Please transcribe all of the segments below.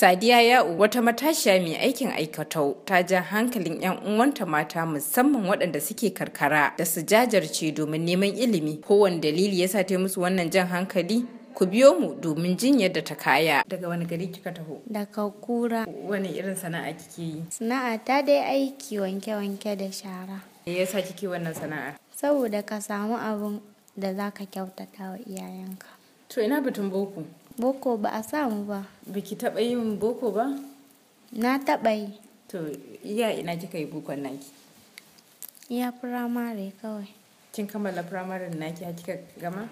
Sadiya Ya'u wata matashiya mai aikin aikatau ta ja hankalin 'yan uwanta mata musamman waɗanda suke karkara da su jajarce domin neman ilimi. Kowane dalili ya sa ta musu wannan jan hankali ku biyo mu domin jin yadda ta kaya. Daga wani gari kika taho? Daga kura. Wani irin sana'a kike yi? Sana'a ta dai aiki wanke-wanke da shara. Me yasa kike wannan sana'a? Saboda ka samu abun da zaka kyautata wa iyayenka. To ina batun boko? Boko ba a samu ba. Biki taɓa yin boko ba? Na taɓa yi. To, iya ina kika yi bokon naki? Iya firamare kawai. Kin kammala firamaren naki a kika gama?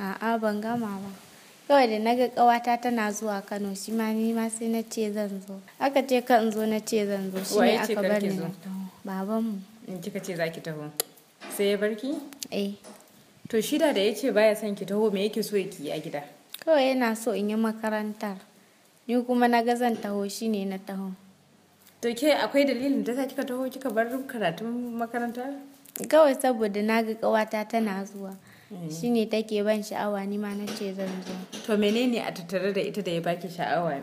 A'a ban gama ba. Kawai da naga ƙawata tana zuwa Kano shi ma ni ma sai na ce zan zo. Aka ce kan zo na ce zan zo shi ne aka bar ni baban mu. Babanmu. In kika ce za ki taho. Sai ya barki? Eh. To shida da ya ce baya son ki taho me yake so ya ki a gida? kawai yana so in yi makarantar ni kuma na ga zan taho shi ne na taho to ke akwai dalilin da kika taho kika bar karatun makaranta kawai saboda na ga ƙawata tana zuwa mm. shi ne take ban sha'awa ni ma na ce zan zo to menene a tattare da ita da ya baki sha'awa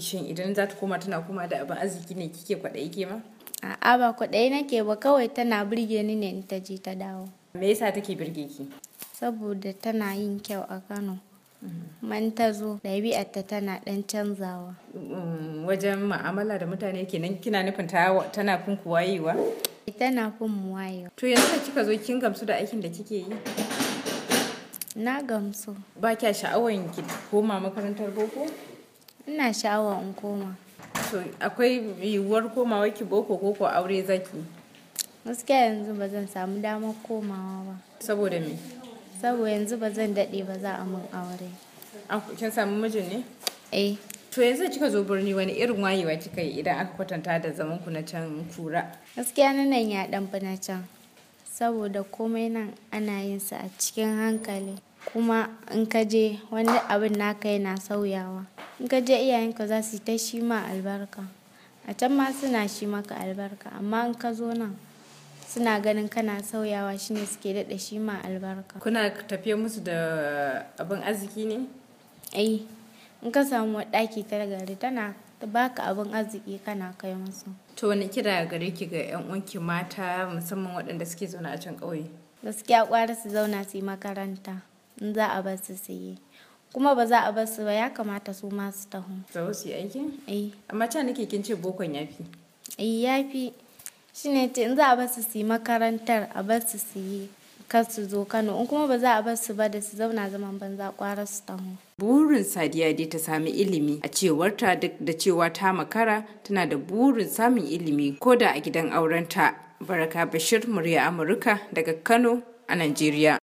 shin idan za ta koma tana koma da abin arziki ne kike kwaɗayi ke ma a'a ba kwaɗayi nake ba kawai tana birge ni ne ta je ta dawo me yasa take birge ki saboda tana yin kyau a Kano manta zo ɗabi'arta tana ɗan canzawa mm, wajen ma'amala da mutane kenan kina nufin tana fin kuwayewa wayewa eh, tana fin mu wayewa to yanzu kika zo kin gamsu da aikin da kike yi na gamsu ba kya sha'awar ki koma makarantar boko ina sha'awar in koma to akwai yiwuwar komawa ki boko ko ko aure zaki gaskiya yanzu ba zan samu damar komawa ba saboda me Sabu yanzu ba zan daɗe ba za a mun aure. Kin samu mijin ne? Eh. To yanzu kika zo birni wani irin wayewa kika yi idan aka kwatanta da zaman ku na can kura? Gaskiya na nan ya dan na can. Saboda komai nan ana yin sa a cikin hankali. Kuma in ka je wani abin naka yana sauyawa. In ka je iyayenka za su yi ta shi ma albarka. A can ma suna shi maka albarka amma in ka zo nan suna ganin kana sauyawa shine suke daɗa shi ma albarka kuna tafiya musu da abin arziki ne ai eh, in ka samu ɗaki ta gari tana baka abin arziki kana kai musu to wani kira gare ki ga yan uwanki mata musamman waɗanda suke zaune a can ƙauye gaskiya kwara su zauna su yi makaranta in za a bar su su yi kuma ba za a bar su ba ya kamata su ma su taho za su yi aiki eh. amma can nake kin ce bokon yafi ya yafi eh, shi ce in za a basu su yi makarantar a basu su su yi kar su zo Kano in kuma ba za a basu ba da su zauna zaman banza kwara su tamu. Burin Sadiya dai ta sami ilimi a cewarta duk da cewa ta makara tana da burin samun ilimi ko da a gidan aurenta. Baraka Bashir murya Amurka daga Kano a Najeriya.